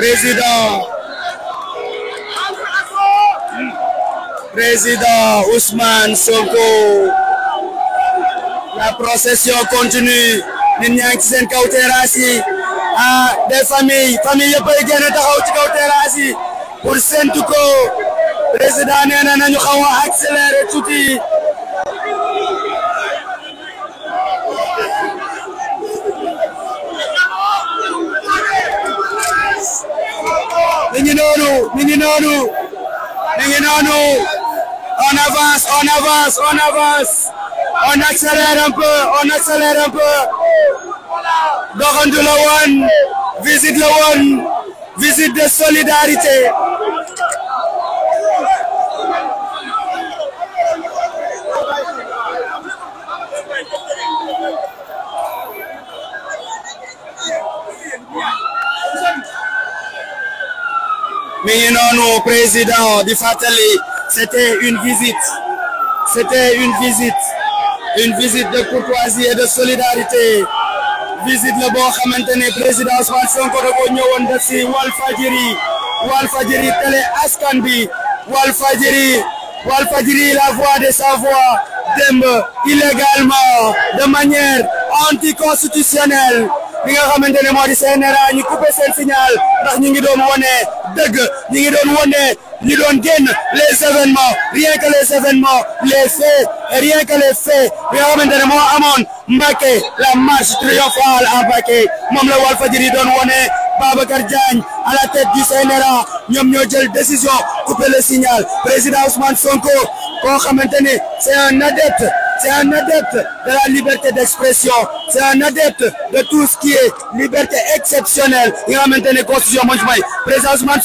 président président Ousmane Sonko la procession continue nit ñaa ngi ci seen kaw terrasse yi ah des familles famille yëpp ay génn taxaw ci kaw terrasse yi pour séntu ko président nee na nañu xaw a accélérer tuuti ngi noonu mi ngi noonu mi on avance on avance on avance on accélère un on accélère un peu la woon visite la woon visite de solidarité mi ngi noonu président di fàttali c'était une visite c'était une visite une visite de courtoisie et de solidarité visite la boo xamante ne président Ousmane Sonko da ko ñëwoon def si Walfadjiri Walfadjiri télé askan bi Walfadjiri la voix de sa de manière anticonstitutionnelle bi nga xamante ne moo di CNRA ñu coupé seen signal ndax ñu ngi doon wane dëgg ni ngi doon wane ñu doon génn les événements rien que les événements les faits et rien que les faits bi nga xamante ne moo amoon Mbacké la marche triomphale à Mbacké moom la Walfadjri doon wane Babacar Diagne à la tête du CNRA ñoom ñoo jël décision couper le signal président Ousmane Sonko koo xamante ne c'est c'est na adepte de la liberté d'expression c'est un adepte de tout ce qui est liberté exceptionnelle yi nga xamante ne constitution moo ci may président Ousmane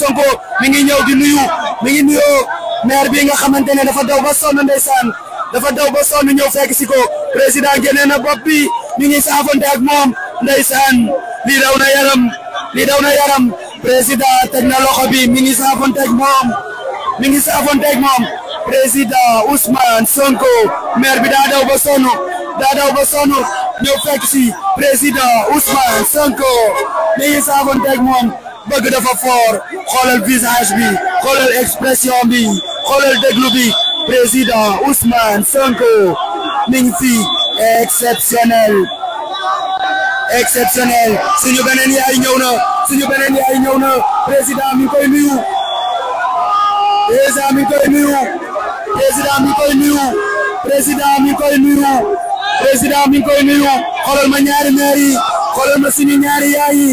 mi ngi ñëw di nuyu mi ngi nuyoo maire bi nga xamante ne dafa daw ba sonn ndeysaan dafa daw ba sonn ñëw fekk si ko président génne na bopp bi mi ngi saafonte ak moom ndeysaan lii daw na yaram lii daw na yaram président teg bi mi ngi saafonte ak moom mi ngi saafonte ak moom. président Ousmane Sonko maire bi daa daw ba sonn daa ba sonn ñëw fekk si président Ousmane Sonko mi ngi saafonteeg bëgg dafa fort xoolal visage bi xoolal expression bi xoolal déglu bi président Ousmane Sonko mi ngi fi exceptionnel exceptionnel suñu beneen yaay ñëw na suñu beneen yaay ñëw na président mi koy nuyu président mi koy nuyu président mi koy nuyu président mi koy nuyu président mi koy nuyu xoolal ma ñaari meer yi xoolal ma suñu ñaari yaay yi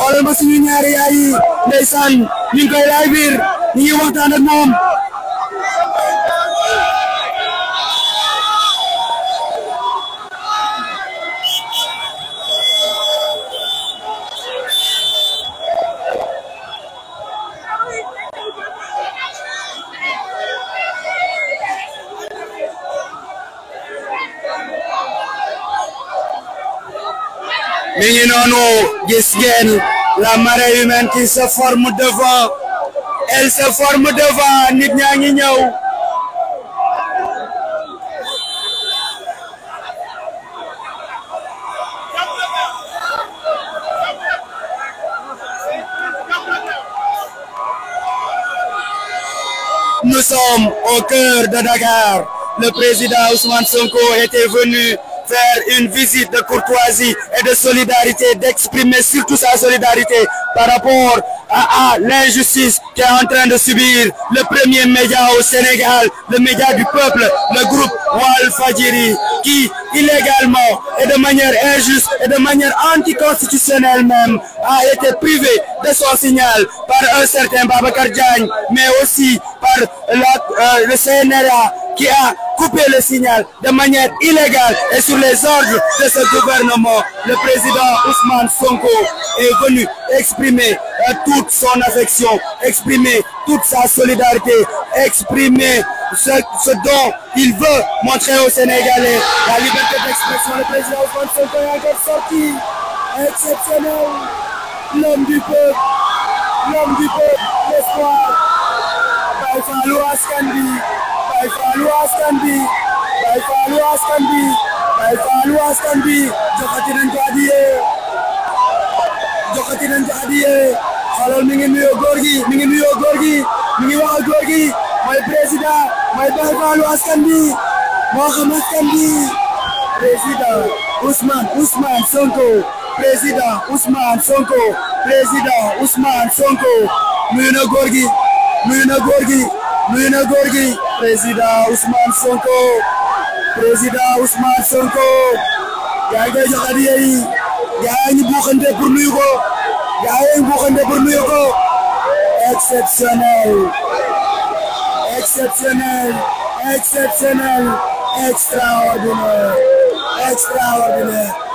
xoolal ma suñu ñaari yaay yi ndeysaan ñu ngi koy laaj biir ñu ngi moom. mi ngi noonu gis la marée humaine qui se forme devant elle se forme devant nit ñaa ngi ñëw au cœur de Dakar. Le président Ousmane Sonko était venu faire une visite de courtoisie et de solidarité, d'exprimer surtout sa solidarité par rapport à, à l'injustice qu'est en train de subir le premier média au Sénégal, le média du peuple, le groupe Walfadjiri, qui illégalement et de manière injuste et de manière anticonstitutionnelle même a été privé de son signal par un certain Babacar Diagne, mais aussi par euh, le CNRA qui a couper le signal de manière illégale et sur les ordres de ce gouvernement. Le président Ousmane Sonko est venu exprimer euh, toute son affection, exprimer toute sa solidarité, exprimer ce, dont il veut montrer aux Sénégalais la liberté d'expression. Le président Ousmane Sonko est encore sorti. Exceptionnel. L'homme du peuple. L'homme du peuple. L'espoir. Baïfa Baye Fallou askan bi Baye Fallou askan bi Baye Fallou askan bi joxati nañ ko adiye joxati nañ ko adiye xoolal mi ngi nuyoo góor gi mi ngi nuyoo góor gi mi ngi wax ak góor gi mooy président Sonko président Ousmane Sonko président na góor gi na góor nuyu na góor gi président Ousmane Sonko président Ousmane Sonko gaa yi koy jox adiya yi gaa yi ñu buuxante pour nuyu ko gaa yi ñu buuxante pour nuyu ko exceptionnel exceptionnel exceptionnel extraordinaire